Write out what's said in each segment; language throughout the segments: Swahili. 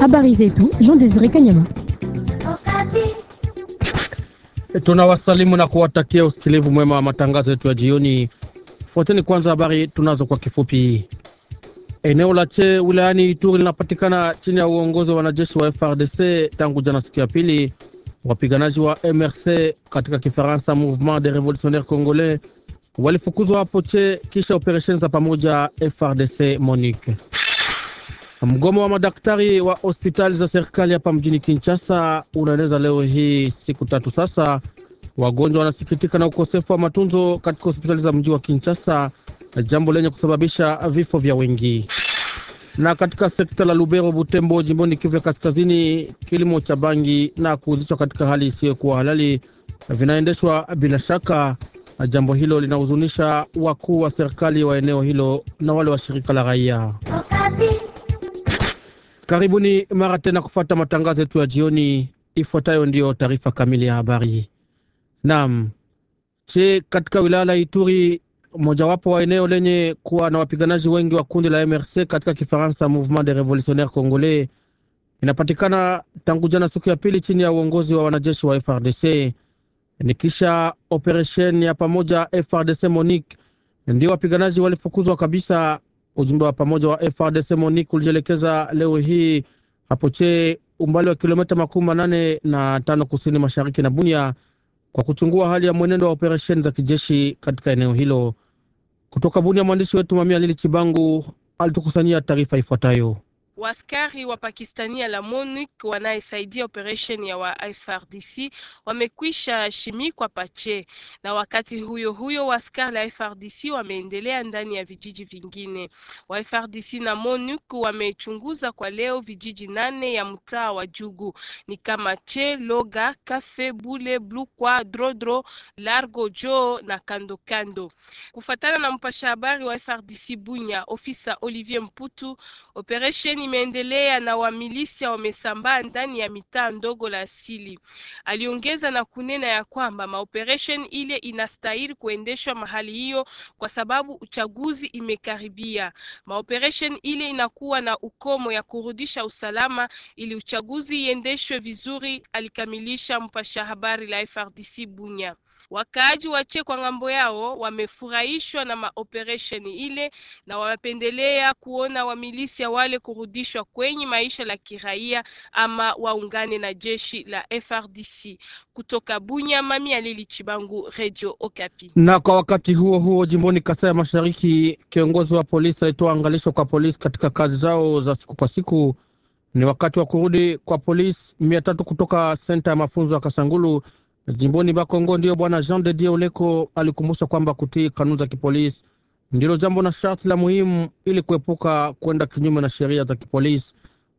Habari zetu Jean Desire Kanyama. Tunawasalimu na kuwatakia usikilivu mwema wa matangazo yetu ya jioni. Fuateni kwanza habari tunazo kwa kifupi. Eneo la Che wilayani Ituri linapatikana chini ya uongozi wa wanajeshi wa FRDC tangu jana siku ya pili. Wapiganaji wa MRC katika Kifaransa, Mouvement de Revolutionnaire Congolais, walifukuzwa hapo Che kisha operesheni za pamoja FRDC Monique. Mgomo wa madaktari wa hospitali za serikali hapa mjini Kinshasa unaeneza leo hii siku tatu sasa. Wagonjwa wanasikitika na ukosefu wa matunzo katika hospitali za mji wa Kinshasa, jambo lenye kusababisha vifo vya wengi. Na katika sekta la Lubero, Butembo, jimboni Kivu ya Kaskazini, kilimo cha bangi na kuuzishwa katika hali isiyokuwa halali vinaendeshwa bila shaka. Jambo hilo linahuzunisha wakuu wa serikali wa eneo hilo na wale wa shirika la raia. Karibuni mara tena kufuata matangazo yetu ya jioni. Ifuatayo ndiyo taarifa kamili ya habari. Naam, che katika wilaya la Ituri, mojawapo wa eneo lenye kuwa na wapiganaji wengi wa kundi la MRC katika Kifaransa, Mouvement de Revolutionnaire Congolais, inapatikana tangu jana siku ya pili chini ya uongozi wa wanajeshi wa FRDC. Ni kisha operesheni ya pamoja FRDC Monique, ndio wapiganaji walifukuzwa kabisa Ujumbe wa pamoja wa FRDC MONUC ulijielekeza leo hii hapo Che, umbali wa kilomita makumi manane na tano kusini mashariki na Bunia kwa kuchungua hali ya mwenendo wa operesheni za kijeshi katika eneo hilo. Kutoka Bunia, mwandishi wetu Mamia Lili Chibangu alitukusanyia taarifa ifuatayo. Waskari wa Pakistania la MONUC wanayesaidia operation ya wa FRDC wamekwisha shimikwa Pache, na wakati huyo huyo waskari la FRDC wameendelea ndani ya vijiji vingine. Wa FRDC na MONUC wamechunguza kwa leo vijiji nane ya mtaa wa Jugu ni kama Che, Loga, Kafe, Bule, Blukwa, Drodro, Largo, Jo na kando kando. Kufatana na mpasha habari wa FRDC Bunya, ofisa Olivier Mputu Operesheni imeendelea na wamilisia wamesambaa ndani ya mitaa ndogo la asili. Aliongeza na kunena ya kwamba maoperesheni ile inastahili kuendeshwa mahali hiyo kwa sababu uchaguzi imekaribia. Maoperesheni ile inakuwa na ukomo ya kurudisha usalama ili uchaguzi iendeshwe vizuri, alikamilisha mpasha habari la FRDC Bunya. Wakaaji wache kwa ng'ambo yao wamefurahishwa na maoperesheni ile na wamependelea kuona wamilisia wale kurudishwa kwenye maisha la kiraia ama waungane na jeshi la FRDC. Kutoka Bunya, Mami Alili Chibangu, Radio Okapi. Na kwa wakati huo huo, jimboni Kasai ya Mashariki, kiongozi wa polisi alitoa angalisho kwa polisi katika kazi zao za siku kwa siku. Ni wakati wa kurudi kwa polisi mia tatu kutoka senta ya mafunzo ya Kasangulu Jimboni Bakongo ndiyo bwana Jean de Dieu Oleko alikumbusha kwamba kutii kanuni za kipolisi ndilo jambo na sharti la muhimu ili kuepuka kwenda kinyume na sheria za kipolisi,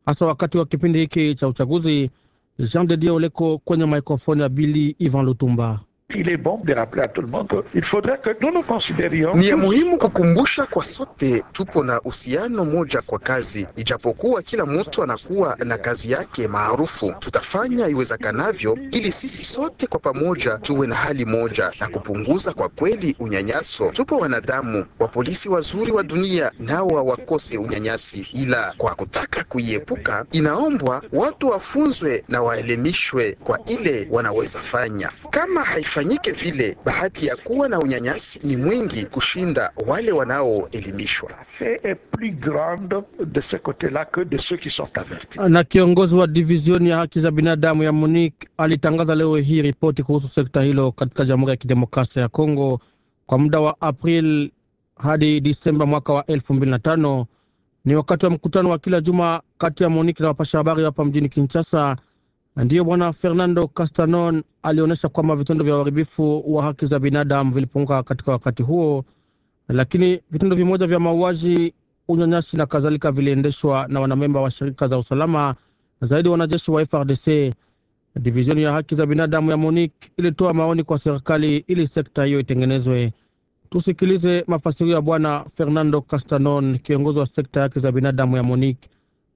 hasa wakati wa kipindi hiki cha uchaguzi. Jean de Dieu Oleko kwenye microfone ya Bili Ivan Lutumba il est bon de rappeler à tout le monde qu'il faudrait que nous nous considérions. Ni ya muhimu kukumbusha kwa sote tupo na uhusiano moja kwa kazi, ijapokuwa kila mtu anakuwa na kazi yake maarufu. Tutafanya iwezekanavyo ili sisi sote kwa pamoja tuwe na hali moja na kupunguza kwa kweli unyanyaso. Tupo wanadamu wa polisi wazuri wa dunia, nao wakose unyanyasi, ila kwa kutaka kuiepuka, inaombwa watu wafunzwe na waelimishwe kwa ile wanaweza fanya kama haifa Ifanyike vile, bahati ya kuwa na unyanyasi ni mwingi kushinda wale wanaoelimishwa. Na kiongozi wa divizioni ya haki za binadamu ya MONUC alitangaza leo hii ripoti kuhusu sekta hilo katika Jamhuri ya Kidemokrasia ya Kongo kwa muda wa April hadi Disemba mwaka wa 25 Ni wakati wa mkutano wa kila juma kati ya MONUC na wapasha habari hapa mjini Kinshasa Ndiyo Bwana Fernando Castanon alionyesha kwamba vitendo vya uharibifu wa haki za binadamu vilipunguka katika wakati huo, lakini vitendo vimoja vya mauaji, unyanyasi na kadhalika viliendeshwa na wanamemba wa shirika za usalama, zaidi wanajeshi wa FRDC. Divisioni ya haki za binadamu ya MONUC ilitoa maoni kwa serikali ili sekta hiyo itengenezwe. Tusikilize mafasirio ya Bwana Fernando Castanon, kiongozi wa sekta ya haki za binadamu ya MONUC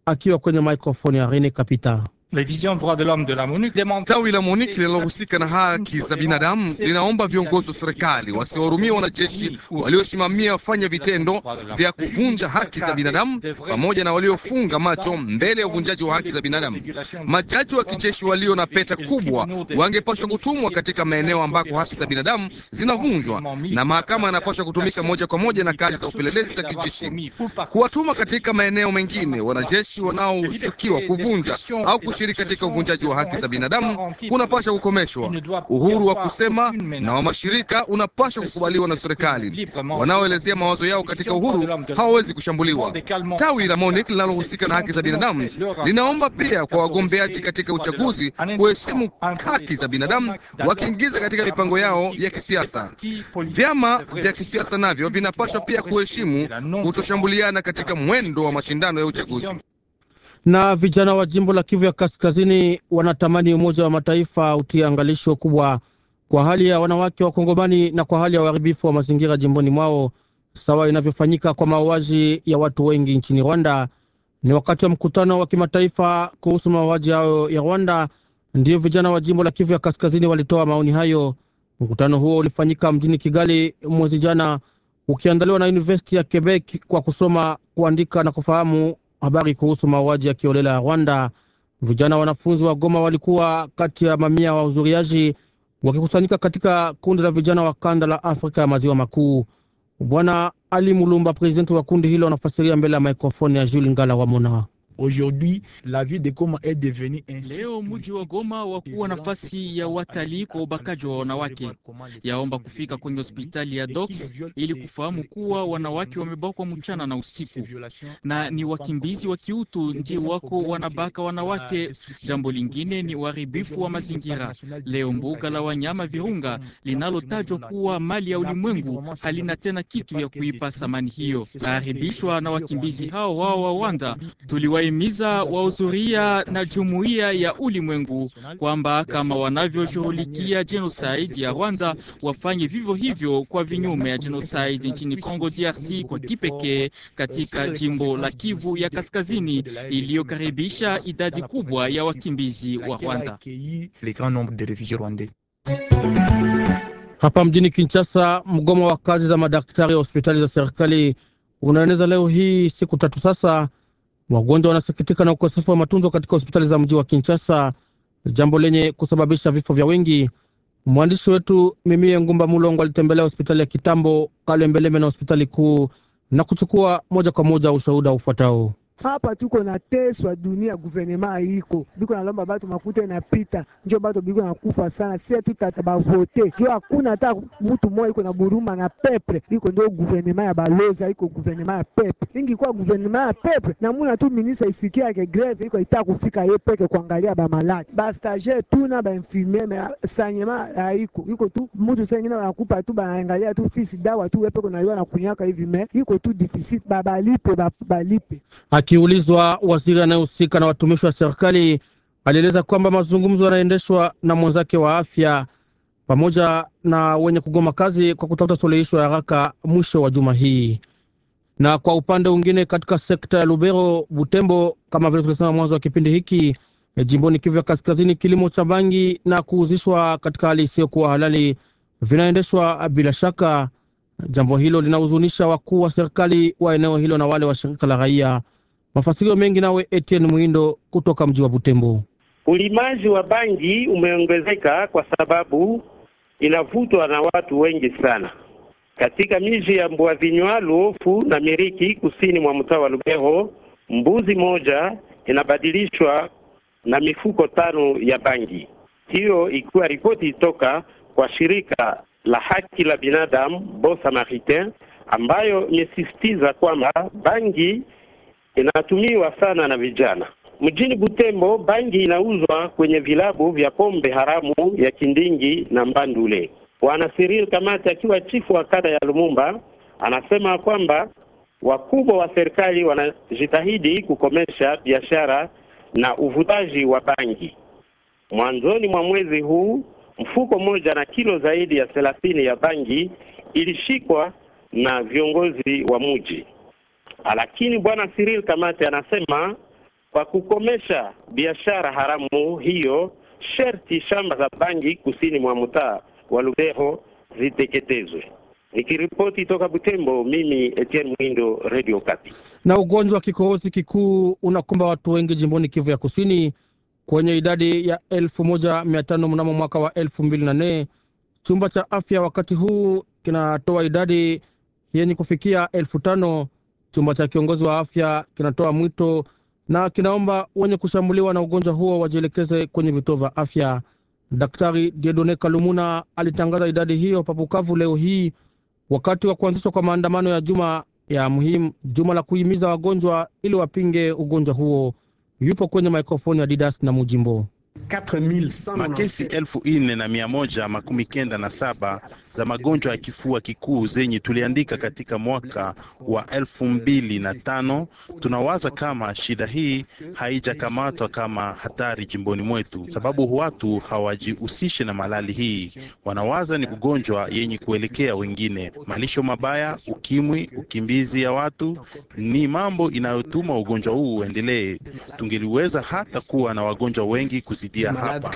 akiwa kwenye maikrofoni ya Rene Kapita vision droit de l'homme de la MONUC. Tawi la MONUC linalohusika na haki za binadamu linaomba viongozi wa serikali wasiwahurumie wanajeshi waliosimamia wafanya vitendo vya kuvunja haki za binadamu pamoja na waliofunga macho mbele ya uvunjaji wa haki za binadamu. Majaji wa kijeshi walio na peta kubwa wangepashwa kutumwa katika maeneo ambako haki za binadamu zinavunjwa, na mahakama yanapashwa kutumika moja kwa moja na kazi za upelelezi za kijeshi. Kuwatuma katika maeneo mengine wanajeshi wanaoshukiwa kuvunja au kushiriki katika uvunjaji wa haki za binadamu unapasha kukomeshwa. Uhuru wa kusema na wa mashirika unapasha kukubaliwa na serikali. Wanaoelezea mawazo yao katika uhuru hawawezi kushambuliwa. Tawi la MONUC linalohusika na haki za binadamu linaomba pia kwa wagombeaji katika uchaguzi kuheshimu haki za binadamu wakiingiza katika mipango yao ya kisiasa. Vyama vya kisiasa navyo vinapaswa pia kuheshimu kutoshambuliana katika mwendo wa mashindano ya uchaguzi na vijana wa jimbo la Kivu ya Kaskazini wanatamani Umoja wa Mataifa utie angalisho kubwa kwa hali ya wanawake Wakongomani na kwa hali ya uharibifu wa mazingira jimboni mwao sawa inavyofanyika kwa mauaji ya watu wengi nchini Rwanda. Ni wakati wa mkutano wa kimataifa kuhusu mauaji hayo ya Rwanda ndiyo vijana wa jimbo la Kivu ya Kaskazini walitoa maoni hayo. Mkutano huo ulifanyika mjini Kigali mwezi jana, ukiandaliwa na University ya Quebec kwa kusoma, kuandika na kufahamu habari kuhusu mauaji ya kiolela ya Rwanda, vijana wanafunzi wa Goma walikuwa kati ya mamia wa uzuriaji wakikusanyika katika kundi la vijana wa kanda la Afrika ya maziwa makuu. Bwana Ali Mulumba, presidenti wa kundi hilo, anafasiria mbele ya mikrofoni ya jules Ngala Wamona. Aujourd'hui, la ville de Goma est devenue leo mji wa Goma wa kuwa nafasi ya watalii kwa ubakaji wa wanawake. Yaomba kufika kwenye hospitali ya Dox ili kufahamu kuwa wanawake wamebakwa mchana na usiku, na ni wakimbizi wa kiutu ndio wako wanabaka wanawake. Jambo lingine ni uharibifu wa mazingira. Leo mbuga la wanyama Virunga linalotajwa kuwa mali ya ulimwengu halina tena kitu ya kuipa thamani hiyo, naharibishwa na wakimbizi hao wao wa Rwanda. Tuliwahi wamehimiza wahudhuria na jumuiya ya ulimwengu kwamba kama wanavyoshughulikia jenosaidi ya Rwanda wafanye vivyo hivyo kwa vinyume ya jenosaidi nchini congo DRC, kwa kipekee katika jimbo la Kivu ya Kaskazini iliyokaribisha idadi kubwa ya wakimbizi wa Rwanda. Hapa mjini Kinshasa, mgomo wa kazi za madaktari ya hospitali za serikali unaeneza leo hii siku tatu sasa Wagonjwa wanasikitika na ukosefu wa matunzo katika hospitali za mji wa Kinshasa, jambo lenye kusababisha vifo vya wengi. Mwandishi wetu Mimie Ngumba Mulongo alitembelea hospitali ya Kitambo, Kalembeleme na hospitali kuu na kuchukua moja kwa moja ushuhuda ufuatao. Hapa tuko na teswa dunia, guvernema iko biko nalomba batu makuta pita njo batu biko nakufa sana. Si hatutata bavote jo, hakuna hata mutu moya iko na buruma na peple. Iko ndio guvernema ya balozi, iko guvernema ya peple ingi guvernema ya peple namuna tu minisa isikiake greve iko ita kufika ye peke kuangalia bamaladi bastager tuna bainfirmier me sanyema haiko iko tu mutu sengine wanakupa tu banaangalia tu fisi dawa tu wepeko naiwa na hivi me iko tu difisit babalipe babalipe Akiulizwa, waziri anayehusika na watumishi wa serikali alieleza kwamba mazungumzo yanaendeshwa na mwenzake wa afya pamoja na wenye kugoma kazi kwa kutafuta suluhisho ya haraka mwisho wa juma hii. Na kwa upande mwingine, katika sekta ya Lubero, Butembo, kama vile tulisema mwanzo wa kipindi hiki, eh, jimboni Kivu ya Kaskazini, kilimo cha bangi na kuuzishwa katika hali isiyokuwa halali vinaendeshwa bila shaka. Jambo hilo linahuzunisha wakuu wa serikali wa eneo hilo na wale wa shirika la raia. Mafasirio mengi nawe Etienne Mwindo kutoka mji wa Butembo. Ulimaji wa bangi umeongezeka kwa sababu inavutwa na watu wengi sana katika miji ya Mbwavinywa, Luofu na Miriki kusini mwa mtaa wa Lubeho. Mbuzi moja inabadilishwa na mifuko tano ya bangi. Hiyo ikiwa ripoti toka kwa shirika la haki la binadamu Bon Samaritain ambayo imesisitiza kwamba bangi inatumiwa sana na vijana mjini Butembo. Bangi inauzwa kwenye vilabu vya pombe haramu ya Kindingi na Mbandule. Bwana siril Kamati akiwa chifu wa kada ya Lumumba anasema kwamba wakubwa wa serikali wanajitahidi kukomesha biashara na uvutaji wa bangi. Mwanzoni mwa mwezi huu mfuko mmoja na kilo zaidi ya thelathini ya bangi ilishikwa na viongozi wa mji. Ah, lakini bwana Cyril Kamate anasema kwa kukomesha biashara haramu hiyo, sherti shamba za bangi kusini mwa mtaa wa lubero ziteketezwe. Nikiripoti toka Butembo, mimi Etienne Mwindo, Radio Kati. Na ugonjwa wa kikohozi kikuu unakumba watu wengi jimboni Kivu ya Kusini kwenye idadi ya elfu moja mia tano mnamo mwaka wa elfu mbili na nne. Chumba cha afya wakati huu kinatoa idadi yenye kufikia elfu tano. Chumba cha kiongozi wa afya kinatoa mwito na kinaomba wenye kushambuliwa na ugonjwa huo wajielekeze kwenye vituo vya afya. Daktari Diedone Kalumuna alitangaza idadi hiyo papukavu leo hii wakati wa kuanzishwa kwa maandamano ya juma ya muhimu, juma la kuhimiza wagonjwa ili wapinge ugonjwa huo. Yupo kwenye mikrofoni ya Didas na Mujimbo. Makesi elfu ine na mia moja makumi kenda na saba za magonjwa ya kifua kikuu zenye tuliandika katika mwaka wa elfu mbili na tano. Tunawaza kama shida hii haijakamatwa kama hatari jimboni mwetu, sababu watu hawajihusishi na malali hii, wanawaza ni ugonjwa yenye kuelekea wengine. Malisho mabaya, ukimwi, ukimbizi ya watu ni mambo inayotuma ugonjwa huu uendelee. Tungeliweza hata kuwa na wagonjwa wengi kuzidia hapa.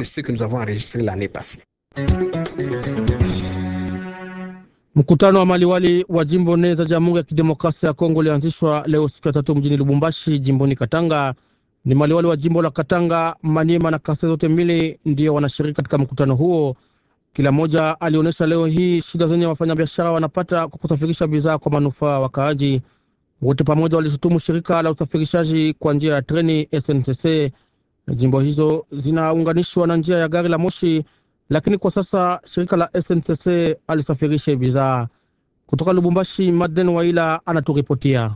Mkutano wa maliwali wa jimbo nne za Jamhuri ya Kidemokrasia ya Kongo ulianzishwa leo siku ya tatu mjini Lubumbashi, jimboni Katanga. Ni maliwali wa jimbo la Katanga, Maniema na Kasai zote mbili ndio wanashiriki katika mkutano huo. Kila mmoja alionyesha leo hii shida zenye wafanyabiashara wanapata kwa kusafirisha bidhaa kwa manufaa wakaaji. Wote pamoja walishutumu shirika la usafirishaji kwa njia ya treni SNCC. Jimbo hizo zinaunganishwa na njia ya gari la moshi lakini kwa sasa shirika la SNCC alisafirishe bidhaa kutoka Lubumbashi. Maden Waila anaturipotia.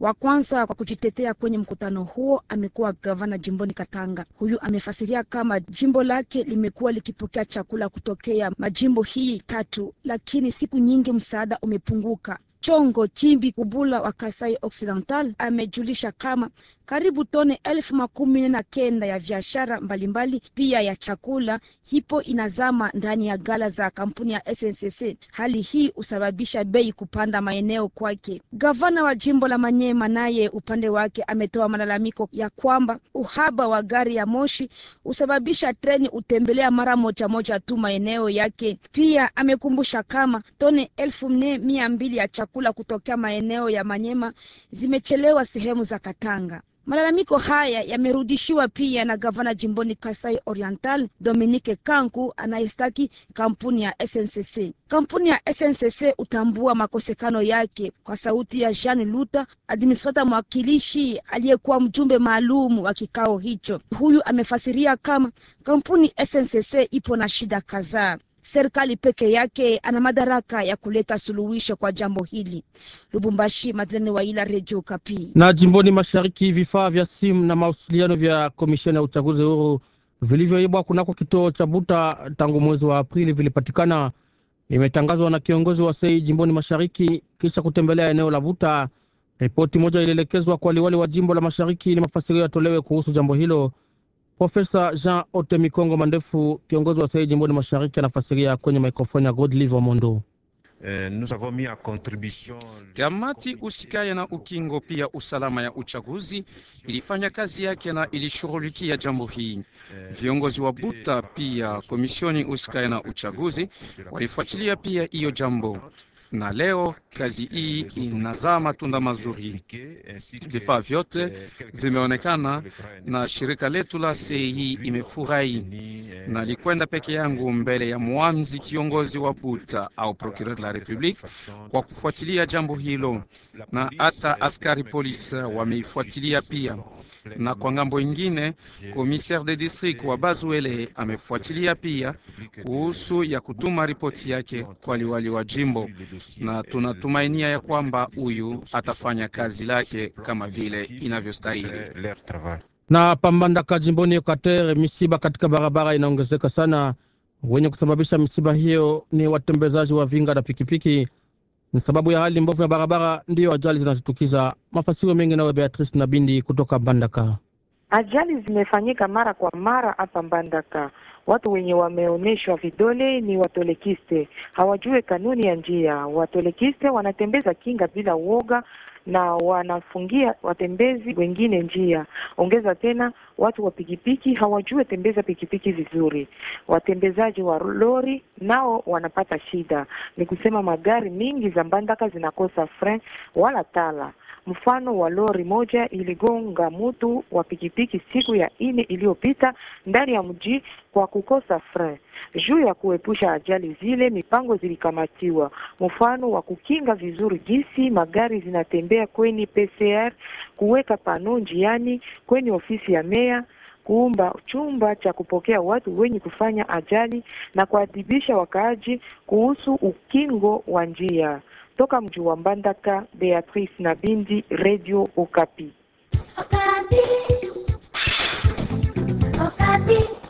Wa kwanza kwa kujitetea kwenye mkutano huo amekuwa gavana jimboni Katanga. Huyu amefasiria kama jimbo lake limekuwa likipokea chakula kutokea majimbo hii tatu, lakini siku nyingi msaada umepunguka. Chongo Chimbi Kubula wa Kasai Occidental amejulisha kama karibu tone elfu makumi na kenda ya biashara mbalimbali pia ya chakula hipo inazama ndani ya gala za kampuni ya SNCC. Hali hii husababisha bei kupanda maeneo kwake. Gavana wa jimbo la Manyema naye upande wake ametoa malalamiko ya kwamba uhaba wa gari ya moshi husababisha treni hutembelea mara moja moja tu maeneo yake. Pia amekumbusha kama tone elfu nne mia mbili ya chakula kutokea maeneo ya Manyema zimechelewa sehemu za Katanga. Malalamiko haya yamerudishiwa pia na gavana jimboni Kasai Oriental Dominique Kanku anayestaki kampuni ya SNCC. Kampuni ya SNCC utambua makosekano yake, kwa sauti ya Jean Luta, administrata mwakilishi aliyekuwa mjumbe maalum wa kikao hicho. Huyu amefasiria kama kampuni SNCC ipo na shida kadhaa serikali peke yake ana madaraka ya kuleta suluhisho kwa jambo hili. Lubumbashi, Madlene Waila, Radio Kapi. Na jimboni mashariki, vifaa vya simu na mawasiliano vya komisheni ya uchaguzi huru vilivyoibwa kunako kituo cha Buta tangu mwezi wa Aprili vilipatikana, imetangazwa na kiongozi wa sei jimboni mashariki kisha kutembelea eneo la Buta. Ripoti moja ilielekezwa kwa liwali wa jimbo la mashariki ili mafasirio yatolewe kuhusu jambo hilo. Profesa Jean Ote Mikongo Mandefu, kiongozi wa Swahili jimboni mashariki, anafasiria kwenye mikrofoni ya Godlive Mondo. Kamati husikaya na ukingo pia usalama ya uchaguzi ilifanya kazi yake na ilishughulikia jambo hii. Eh, Viongozi wa eh, Buta pia eh, komisioni usikaya na uchaguzi walifuatilia pia hiyo jambo na leo kazi hii inazaa matunda mazuri. Vifaa vyote vimeonekana na shirika letu la cei imefurahi. Nalikwenda peke yangu mbele ya mwanzi kiongozi wa Buta au procureur la republique kwa kufuatilia jambo hilo, na hata askari polisi wameifuatilia pia na kwa ngambo ingine komisaire de district wa Bazuele amefuatilia pia kuhusu ya kutuma ripoti yake kwa liwali wa jimbo, na tunatumainia ya kwamba huyu atafanya kazi lake kama vile inavyostahili. Na pambandaka jimboni Ekuater, misiba katika barabara inaongezeka sana. Wenye kusababisha misiba hiyo ni watembezaji wa vinga na pikipiki. Ni sababu ya hali mbovu ya barabara ndiyo ajali zinazitukiza. Mafasirio mengi nawe Beatrice na Bindi kutoka Mbandaka. Ajali zimefanyika mara kwa mara hapa Mbandaka. Watu wenye wameonyeshwa vidole ni watolekiste, hawajue kanuni ya njia. Watolekiste wanatembeza kinga bila uoga na wanafungia watembezi wengine njia. Ongeza tena, watu wa pikipiki hawajue tembeza pikipiki vizuri, watembezaji wa lori nao wanapata shida. Ni kusema magari mingi za Mbandaka zinakosa fre wala tala. Mfano wa lori moja iligonga mtu wa pikipiki siku ya ine iliyopita ndani ya mji kwa kukosa fre Juu ya kuepusha ajali zile, mipango zilikamatiwa mfano wa kukinga vizuri jinsi magari zinatembea kweni PCR, kuweka pano njiani kweni ofisi ya meya kuumba chumba cha kupokea watu wenye kufanya ajali na kuadhibisha wakaaji kuhusu ukingo wa njia. Toka mji wa Mbandaka, Beatrice na Bindi, Radio Okapi. Okapi. Okapi.